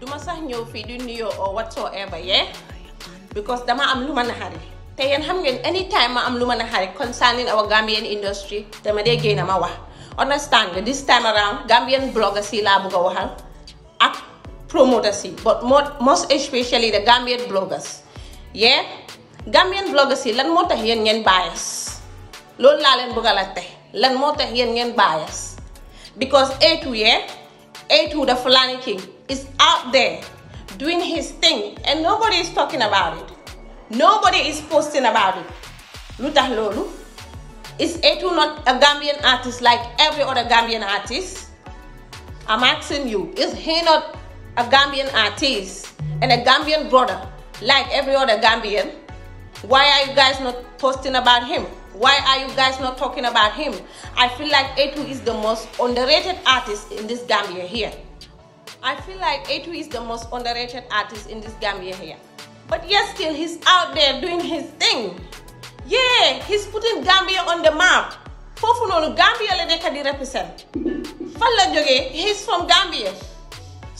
duma sax ñew fi di nuyo or whatsoever yeah because dama am luma na xari te yeen xam ngeen anytime ma am luma na xari concerning our Gambian industry dama day geena ma wax understand nga this time around Gambian bloggers si la bëgg a waxal ak promoter si but most especially the Gambian bloggers yeah Gambian bloggers si lan mo tax yeen ngeen bias lol la leen bëgg la te lan mo tax yeen ngeen bias because A2 yeah A2 the flanking king is out there doing his thing and nobody is talking about it. Nobody is posting about it. Lutah Lolu is Etu not a Gambian artist like every other Gambian artist? I'm asking you, is he not a Gambian artist and a Gambian brother like every other Gambian? Why are you guys not posting about him? Why are you guys not talking about him? I feel like Etu is the most underrated artist in this Gambia here. I feel like a is the most underrated artist in this Gambia here. But yet still, he's out there doing his thing. Yeah, he's putting Gambia on the map. foofu noonu Gambia le nekk di represent fan la he's from Gambia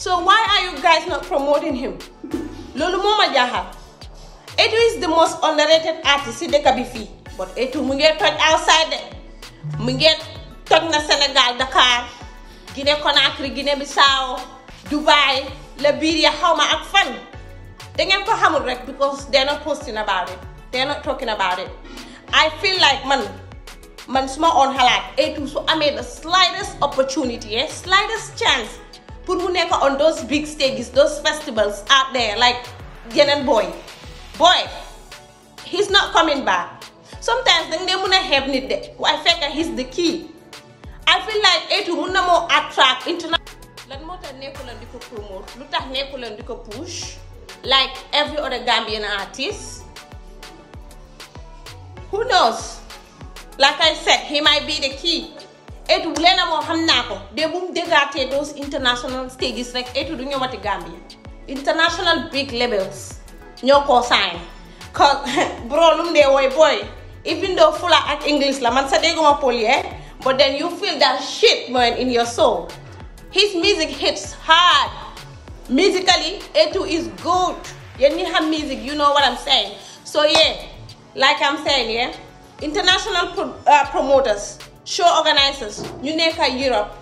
so why are you guys not promoting him Lolo moma jaha, jaaxal Etu is the most underrated artist in dëkk bi but Etu mu ngee outside de mu na Sénégal Dakar Guinée Conakry Guinée Bissau Dubai Liberia how ma ak fan da ngeen ko xamul rek because they're not posting about it they're not talking about it I feel like man man suma on xalaat A2 su amee the slightest opportunity eh slightest chance pour mu nekk on those big stages those festivals out there like and boy boy he's not coming back sometimes they don't even have nit de waaye he's the key I feel like A2 never na attract international tax nekkuleen di ko promote lu tax nekkuleen di ko push like every other Gambian artist who knows like I said he might be the key etu bu leen amoo xam naa ko de bu mu dégaatee those international stages rek etu du ñëwati Gambia international big labels ñoo ko sign cause bro lu mu dee wooy boy even though Fula ak English la man sa dégguma Poli eh but then you feel that shit man in your soul his music hits hard musically a is good You need her music you know what i'm saying so yeah like i'm saying yeah international pro uh, promoters show organizers ñu nekk Europe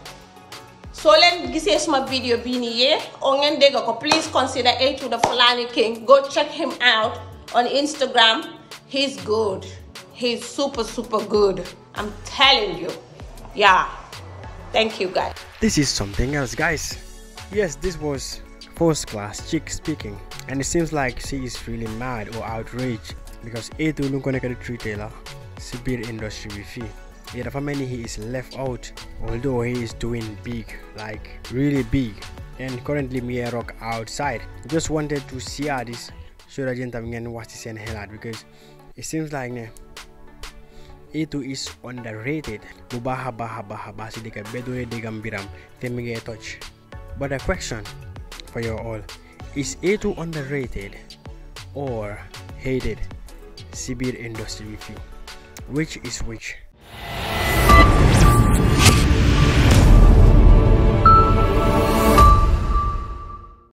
let me see suma video bii nii yee oo please consider a the Fulani King go check him out on Instagram he's good he's super super good I'm telling you yeah. Thank you guys. This is something else guys. Yes, this was first class chick speaking and it seems like she is really mad or outraged because ito lunkonekadu retailer Sibir industry with Yet the family he is left out although he is doing big like really big and currently me rock outside just wanted to see how this should agent watch this and hell out because it seems like Itu is underrated bu baax a baax a baax a baax si dëkka bi ba doone but the question for you all is A2 underrated or hated si industry review. which is which